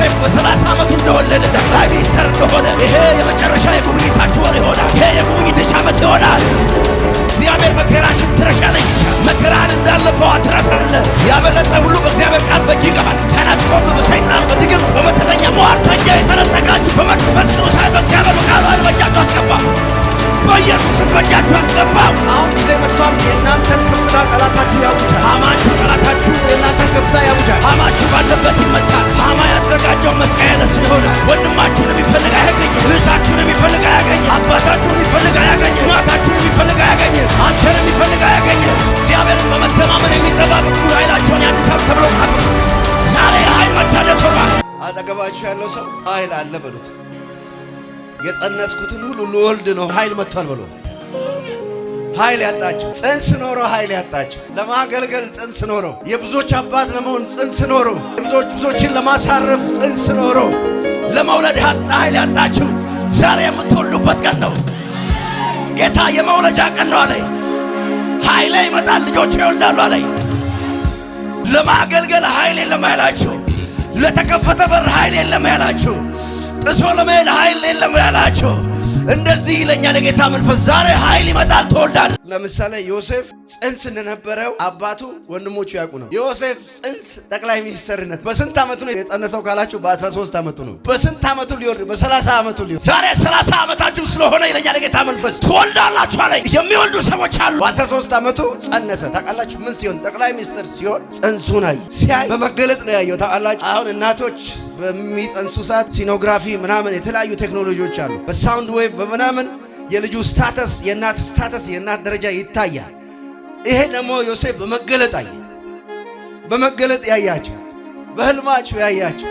ዮሴፍ በሰላሳ ዓመቱ እንደወለደ ጠቅላይ ሚኒስተር እንደሆነ ይሄ የመጨረሻ የጉብኝታችሁ ወር ይሆናል። ይሄ የጉብኝትሽ ዓመት ይሆናል። እግዚአብሔር መከራሽን ትረሻለሽ። መከራን እንዳለፈው አትረሳለ። ያበለጠ ሁሉ በእግዚአብሔር ቃል በእጅ ይገባል። ተነጥቆም በሰይጣን በድግምት በመተተኛ መዋርተኛ የተነጠቃችሁ በመንፈስ ቅዱሳን በእግዚአብሔር ቃሉ በእጃችሁ አስገባ። በኢየሱስ በእጃችሁ አስገባ። አሁን ጊዜ መጥቷል። የእናንተን ከፍታ ጠላታችሁ ያውጃል። አማችሁ ጠላታችሁ የእናንተን ከፍታ ያውጃል። አማችሁ ባለበት ይመታል። የሚፈልጋቸው መስቀያ ለሱ ይሆናል። ወንድማችሁን የሚፈልግ አያገኝ፣ እህታችሁን የሚፈልግ አያገኝ፣ አባታችሁን የሚፈልግ አያገኝ፣ እናታችሁን የሚፈልግ አያገኝ፣ አንተን የሚፈልግ አያገኝ። እግዚአብሔርን በመተማመን የሚጠባበቁ ኃይላቸውን ያንሳብ ተብሎ ቃል ዛሬ ኃይል መታደስ ሆኗል። አጠገባችሁ ያለው ሰው ኃይል አለ በሉት። የጸነስኩትን ሁሉ ልወልድ ነው ኃይል መጥቷል በሉት። ኃይል ያጣቸው ጽንስ ኖሮ ኃይል ያጣቸው ለማገልገል ጽንስ ኖሮ የብዙዎች አባት ለመሆን ጽንስ ኖሮ የብዙዎች ብዙዎችን ለማሳረፍ ጽንስ ኖሮ ለመውለድ ኃይል ያጣችሁ ዛሬ የምትወልዱበት ቀን ነው። ጌታ የመውለጃ ቀን ነው አለኝ። ኃይሌ ይመጣል፣ ልጆች ይወልዳሉ አለኝ። ለማገልገል ኃይል የለም ያላችሁ፣ ለተከፈተ በር ኃይል የለም ያላችሁ፣ ጥሶ ለመሄድ ኃይል የለም ያላችሁ እንደዚህ ይለኛል የጌታ መንፈስ ዛሬ ኃይል ይመጣል። ተወልዳለ ለምሳሌ ዮሴፍ ጽንስ እንደነበረው አባቱ ወንድሞቹ ያውቁ ነው። ዮሴፍ ጽንስ ጠቅላይ ሚኒስትርነት በስንት ዓመቱ ነው የጸነሰው ካላችሁ በ13 ዓመቱ ነው። በስንት ዓመቱ ሊወርድ? በ30 ዓመቱ ሊወርድ። ዛሬ 30 ዓመታችሁ ስለሆነ ይለኛል ጌታ መንፈስ ትወልዳላችሁ አለኝ። የሚወልዱ ሰዎች አሉ። በ13 ዓመቱ ጸነሰ። ታውቃላችሁ ምን ሲሆን? ጠቅላይ ሚኒስትር ሲሆን ጽንሱን አየ። ሲያይ በመገለጥ ነው ያየው። ታውቃላችሁ አሁን እናቶች በሚጸንሱ ሰዓት ሲኖግራፊ ምናምን የተለያዩ ቴክኖሎጂዎች አሉ። በሳውንድ ዌቭ በምናምን የልጁ ስታተስ፣ የእናት ስታተስ፣ የእናት ደረጃ ይታያል። ይሄ ደግሞ ዮሴፍ በመገለጥ አየ። በመገለጥ ያያችሁ፣ በህልማችሁ ያያችሁ፣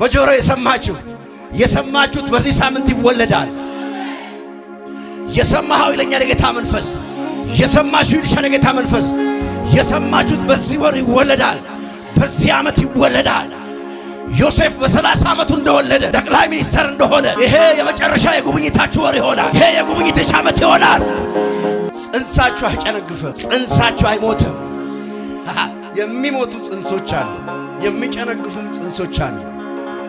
በጆሮ የሰማችሁ የሰማችሁት በዚህ ሳምንት ይወለዳል። የሰማኸው ይለኛል የጌታ መንፈስ፣ የሰማችሁ ይልሻል የጌታ መንፈስ። የሰማችሁት በዚህ ወር ይወለዳል፣ በዚህ ዓመት ይወለዳል። ዮሴፍ በሰላሳ ዓመቱ እንደወለደ ጠቅላይ ሚኒስተር እንደሆነ ይሄ የመጨረሻ የጉብኝታችሁ ወር ይሆናል። ይሄ የጉብኝትሽ ዓመት ይሆናል። ጽንሳችሁ አይጨነግፍም። ጽንሳችሁ አይሞትም። የሚሞቱ ጽንሶች አሉ፣ የሚጨነግፉም ጽንሶች አሉ።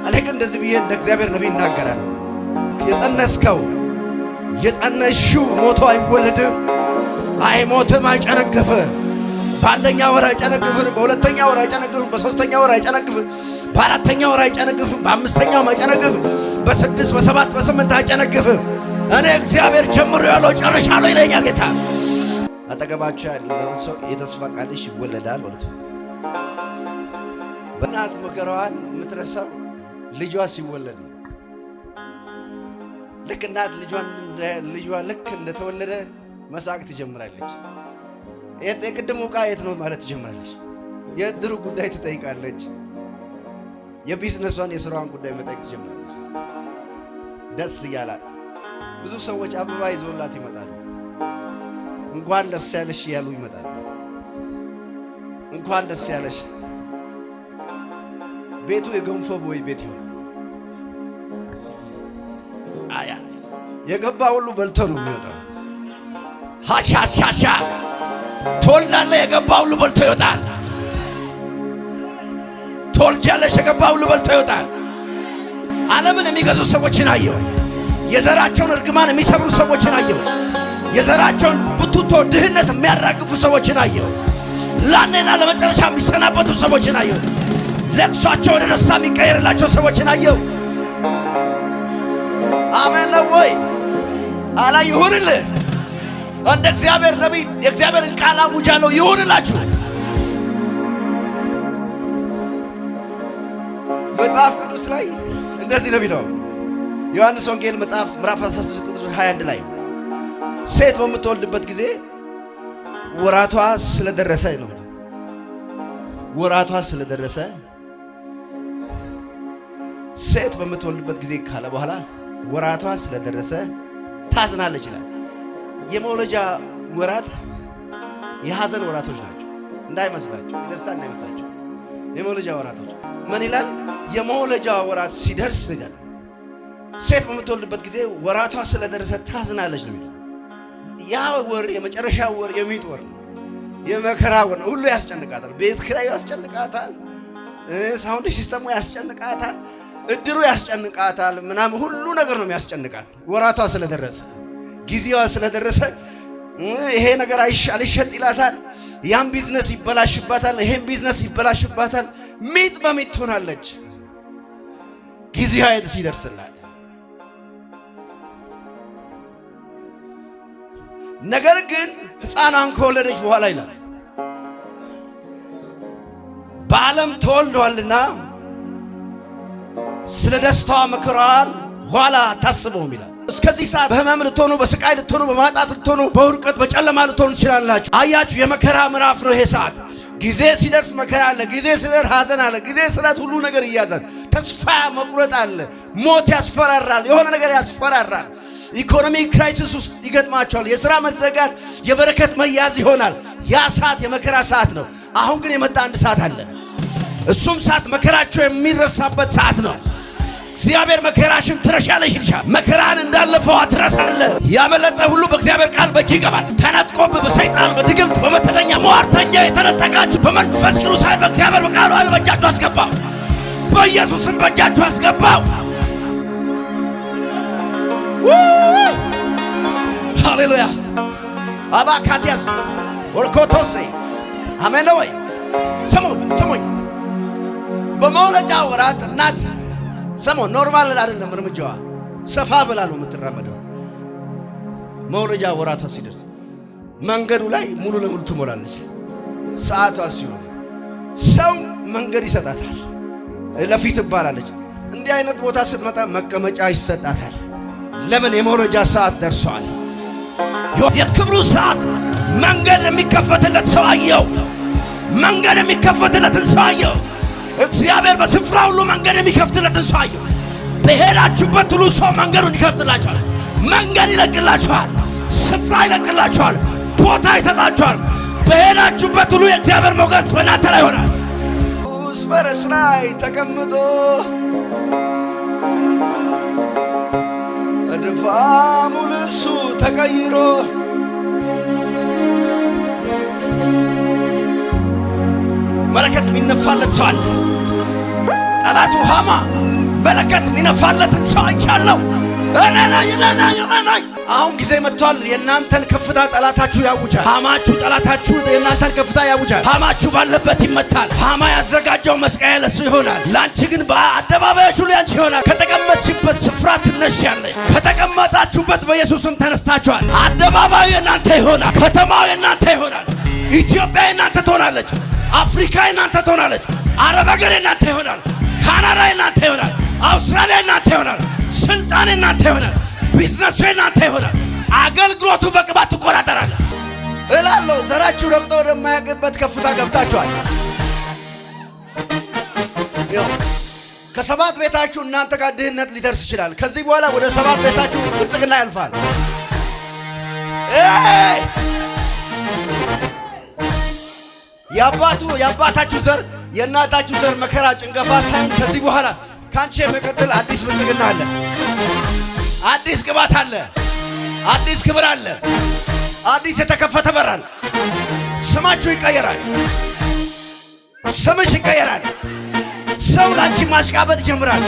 እኔ ግን እንደዚህ ብዬ እንደ እግዚአብሔር ነቢይ ይናገራል። የጸነስከው የጸነሽው ሞቶ አይወለድም፣ አይሞትም፣ አይጨነግፍም። በአንደኛ ወር አይጨነግፍም፣ በሁለተኛ ወር አይጨነግፍም፣ በሶስተኛ ወር አይጨነግፍም። በአራተኛው ወር አይጨነግፍም፣ በአምስተኛው አይጨነግፍም፣ በስድስት በሰባት በስምንት አይጨነግፍም። እኔ እግዚአብሔር ጀምሮ ያለው ጨርሻለሁ ይለኛል ጌታ። አጠገባችሁ ያለው ሰው የተስፋ ቃልሽ ይወለዳል ማለት ነው። በእናት ምክረዋን የምትረሳው ልጇ ሲወለድ ነው። ልክ እናት ልጇ ልክ እንደተወለደ መሳቅ ትጀምራለች። የቅድሙ ዕቃ የት ነው ማለት ትጀምራለች። የድሩ ጉዳይ ትጠይቃለች። የቢዝነሷን የስራዋን ጉዳይ መጠየቅ ትጀምራለች። ደስ እያላት ብዙ ሰዎች አበባ ይዞላት ይመጣሉ። እንኳን ደስ ያለሽ እያሉ ይመጣሉ። እንኳን ደስ ያለሽ። ቤቱ የገንፎ ቦይ ቤት ይሆናል። አያ የገባ ሁሉ በልቶ ነው የሚወጣው። ሀሻሻሻ ትወልዳለህ። የገባ ሁሉ በልቶ ይወጣል። ትወልጃለሽ፣ የገባ ሁሉ በልቶ ይወጣል። ዓለምን የሚገዙ ሰዎችን አየሁ። የዘራቸውን እርግማን የሚሰብሩ ሰዎችን አየሁ። የዘራቸውን ብቱቶ ድህነት የሚያራግፉ ሰዎችን አየሁ። ላኔና ለመጨረሻ የሚሰናበቱ ሰዎችን አየሁ። ለቅሷቸው ወደ ደስታ የሚቀየርላቸው ሰዎችን አየሁ። አሜን ነው ወይ? አላ ይሁንልህ። እንደ እግዚአብሔር ነቢይ የእግዚአብሔርን ቃል አውጃለሁ፣ ይሁንላችሁ መጽሐፍ ቅዱስ ላይ እንደዚህ ነው የሚለው ዮሐንስ ወንጌል መጽሐፍ ምዕራፍ 16 ቁጥር 21 ላይ ሴት በምትወልድበት ጊዜ ወራቷ ስለደረሰ ነው። ወራቷ ስለደረሰ ሴት በምትወልድበት ጊዜ ካለ በኋላ ወራቷ ስለደረሰ ታዝናለች ይላል። የመውለጃ ወራት የሐዘን ወራቶች ናቸው እንዳይመስላቸው፣ የደስታ እንዳይመስላቸው የመውለጃ ወራቶች ምን ይላል? የመውለጃ ወራት ሲደርስ ይላል ሴት በምትወልድበት ጊዜ ወራቷ ስለደረሰ ታዝናለች ነው የሚለው። ያ ወር የመጨረሻ ወር የሚጥ ወር የመከራ ወር ሁሉ ያስጨንቃታል። ቤት ክራዩ ያስጨንቃታል፣ ሳውንድ ሲስተሙ ያስጨንቃታል፣ እድሩ ያስጨንቃታል፣ ምናምን ሁሉ ነገር ነው የሚያስጨንቃት። ወራቷ ስለደረሰ ጊዜዋ ስለደረሰ ይሄ ነገር አልሸጥ ይላታል፣ ያም ቢዝነስ ይበላሽባታል፣ ይሄም ቢዝነስ ይበላሽባታል። ሚጥ በሚጥ ትሆናለች። ጊዜ ኃይል ሲደርስላት ነገር ግን ሕፃኗን ከወለደች በኋላ ይላል በዓለም ተወልዷልና ስለ ደስታዋ መከራዋን ኋላ ታስበው ይላል። እስከዚህ ሰዓት በህመም ልትሆኑ፣ በስቃይ ልትሆኑ፣ በማጣት ልትሆኑ፣ በውድቀት በጨለማ ልትሆኑ ትችላላችሁ። አያችሁ፣ የመከራ ምዕራፍ ነው ይሄ ሰዓት። ጊዜ ሲደርስ መከራ አለ። ጊዜ ሲደርስ ሐዘን አለ። ጊዜ ስለት ሁሉ ነገር ይያዛል። ተስፋ መቁረጥ አለ። ሞት ያስፈራራል። የሆነ ነገር ያስፈራራል። ኢኮኖሚ ክራይሲስ ውስጥ ይገጥማቸዋል። የሥራ መዘጋት፣ የበረከት መያዝ ይሆናል። ያ ሰዓት የመከራ ሰዓት ነው። አሁን ግን የመጣ አንድ ሰዓት አለ። እሱም ሰዓት መከራቸው የሚረሳበት ሰዓት ነው። እግዚአብሔር መከራሽን ትረሻለሽ ይልሻል። መከራን እንዳለፈው አትረሳለ። ያመለጠ ሁሉ በእግዚአብሔር ቃል በእጅ ይገባል። ተነጥቆብ በሰይጣን በድግምት በመተተኛ ሟርተኛ የተነጠቃችሁ በመንፈስ ቅዱስ ኃይል በእግዚአብሔር በቃሉ ኃይል በእጃችሁ አስገባው። በኢየሱስም በእጃችሁ አስገባው። ሃሌሉያ አባካቲያስ ወልኮቶሴ አሜን ስሙኝ ስሙኝ ወራት እናት ሰሞ ኖርማል አይደለም እርምጃዋ። ሰፋ ብላ ነው የምትራመደው። መውረጃ ወራቷ ሲደርስ መንገዱ ላይ ሙሉ ለሙሉ ትሞላለች። ሰዓቷ ሲሆን ሰው መንገድ ይሰጣታል። ለፊት ትባላለች። እንዲህ አይነት ቦታ ስትመጣ መቀመጫ ይሰጣታል። ለምን? የመውረጃ ሰዓት ደርሷል። የክብሩ ሰዓት መንገድ የሚከፈትለት ሰው አየው። መንገድ የሚከፈትለትን ሰው አየው። እግዚአብሔር በስፍራ ሁሉ መንገድ የሚከፍትለትን ሰው አየሁ። በሄዳችሁበት ሁሉ ሰው መንገዱን ይከፍትላችኋል። መንገድ ይለቅላችኋል። ስፍራ ይለቅላችኋል። ቦታ ይሰጣችኋል። በሄዳችሁበት ሁሉ የእግዚአብሔር ሞገስ በእናንተ ላይ ይሆናል። ንጉሥ ፈረስ ላይ ተቀምጦ እድፋሙ ልብሱ ተቀይሮ መለከት የሚነፋለት ሰው አለ። ጠላቱ ሃማ መለከት ሚነፋለትን ሰው አይቻለው። አሁን ጊዜ መጥቷል። የእናንተን ከፍታ ጠላታችሁ ያውጃል። ሃማችሁ ጠላታችሁ የእናንተን ከፍታ ያውጃል። ሃማችሁ ባለበት ይመታል። ሃማ ያዘጋጀው መስቀያ ለሱ ይሆናል። ለአንቺ ግን በአደባባያችሁ ሁሉ ይሆናል። ከተቀመጥሽበት ስፍራ ትነሻለሽ። ከተቀመጣችሁበት በኢየሱስም ተነስታችኋል። አደባባዩ የእናንተ ይሆናል። ከተማው የእናንተ ይሆናል። ኢትዮጵያ የእናንተ ትሆናለች። አፍሪካ የእናንተ ትሆናለች። አረብ ሀገር የእናንተ ይሆናል። ካናዳ ናተ ይሆናል። አውስትራሊያ የናንተ ይሆናል። ስልጣን የናንተ ይሆናል። ቢዝነሱ የናንተ ይሆናል። አገልግሎቱ በቅባት ትቆጣጠራለ እላለሁ። ዘራችሁ ረግጦ ወደማያውቅበት ከፍታ ገብታችኋል። ከሰባት ቤታችሁ እናንተ ጋር ድህነት ሊደርስ ይችላል። ከዚህ በኋላ ወደ ሰባት ቤታችሁ ብልጽግና ያልፋል። የአባቱ የአባታችሁ ዘር የእናታችሁ ዘር መከራ፣ ጭንገፋ ሳይሆን ከዚህ በኋላ ከአንቺ የሚቀጥል አዲስ ብልጽግና አለ፣ አዲስ ቅባት አለ፣ አዲስ ክብር አለ፣ አዲስ የተከፈተ በር አለ። ስማችሁ ይቀየራል። ስምሽ ይቀየራል። ሰው ላንቺ ማሽቃበጥ ይጀምራል።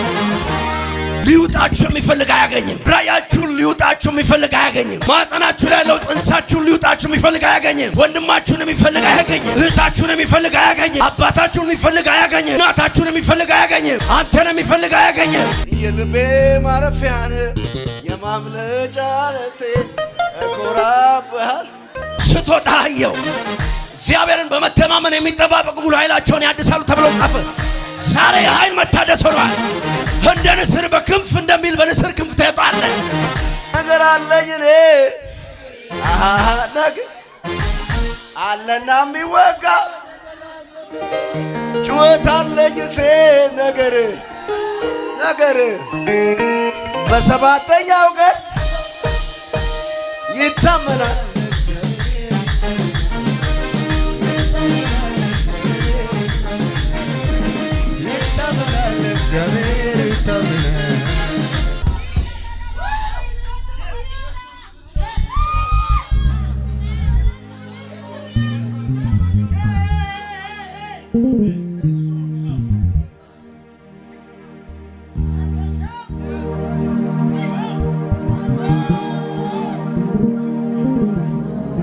ሊውጣችሁ የሚፈልግ አያገኝም። ራያችሁን ሊውጣችሁ የሚፈልግ አያገኝም። ማዕፀናችሁ ላይ ያለው ጽንሳችሁን ሊውጣችሁ የሚፈልግ አያገኝም። ወንድማችሁን የሚፈልግ አያገኝም። እህታችሁን የሚፈልግ አያገኝም። አባታችሁን የሚፈልግ አያገኝም። እናታችሁን የሚፈልግ አያገኝም። አንተን የሚፈልግ አያገኝም። የልቤ ማረፊያን የማምለጫ ለቴ እኮራብሃል ስትወጣ አየው። እግዚአብሔርን በመተማመን የሚጠባበቁ ሁሉ ኃይላቸውን ያድሳሉ ተብሎ ጻፈ። ዛሬ ኃይል መታደስ ሆኗል። እንደ ንስር በክንፍ እንደሚል በንስር ክንፍ ተጣለ ነገር አለኝ እኔ ነገር አለና የሚወጋ ጩኸት አለኝ ሴ ነገር ነገር በሰባተኛው ቀን ይታመናል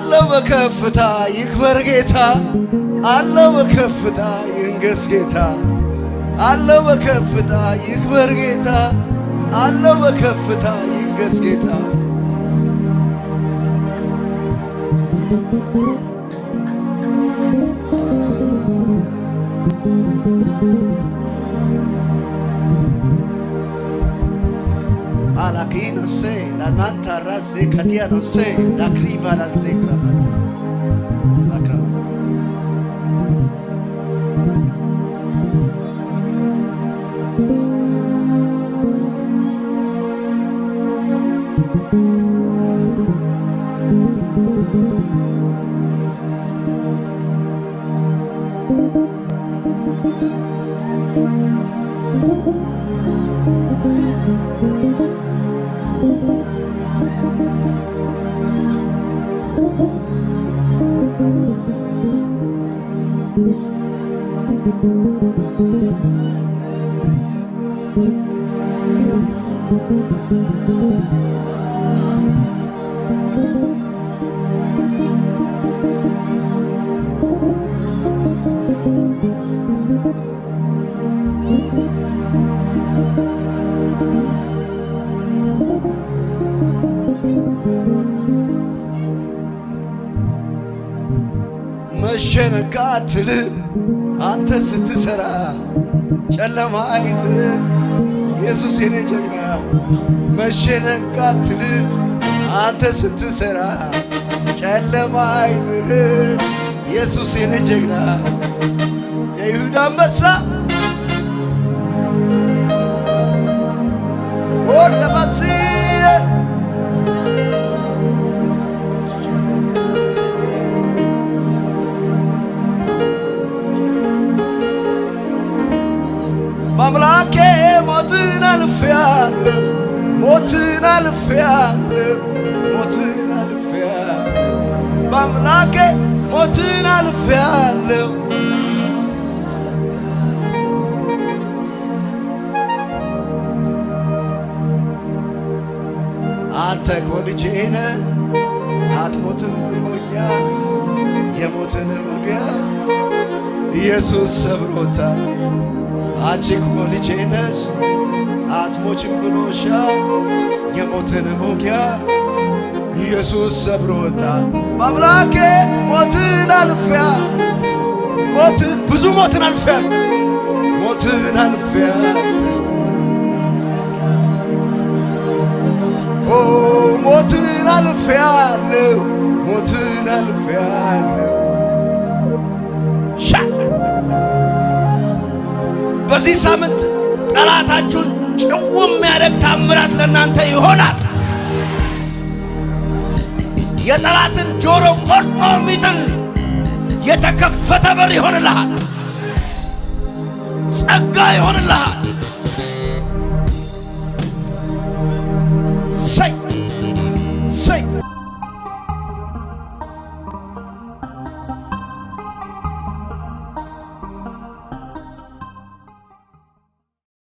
አለው በከፍታ ይክበር ጌታ አለው በከፍታ ይንገስ ጌታ አለው በከፍታ ይክበር ጌታ አለው በከፍታ ይንገስ ጌታ non sei, la nata rase non sei, la criva la zegrava. Thank you. Thank you. ሸነጋ ትል አንተ ስትሰራ ጨለማ ይዝ ኢየሱስ የኔ ጀግና መሸነጋ ትል አንተ ስትሰራ ጨለማ ይዝ ኢየሱስ የኔ ጀግና የይሁዳ አንበሳ ለማሴ አምላኬ ሞትን አልፌያለሁ፣ ሞትን አልፌያለሁ፣ ሞትን አልፌያለሁ፣ በአምላኬ ሞትን አልፌያለሁ። አንተ እኮ ልጄ ነህ፣ አትሞትም ብሎኛል። የሞትን መግቢያ ኢየሱስ ሰብሮታል። አንቺ እኮ ልጄ ነሽ አትሞችም ብሎሻል የሞትን ውጊያ ኢየሱስ ሰብሮ ወጣ። አምላኬ ሞትን አልፌያ ሞትን ብዙ ሞትን አልፌያ ሞትን አልፌያ ሞትን አልፌያለሁ ሞትን አልፌያለሁ በዚህ ሳምንት ጠላታችሁን ጭው የሚያደርግ ታምራት ለእናንተ ይሆናል። የጠላትን ጆሮ ቆርጦ የሚጥል የተከፈተ በር ይሆንልሃል። ጸጋ ይሆንልሃል።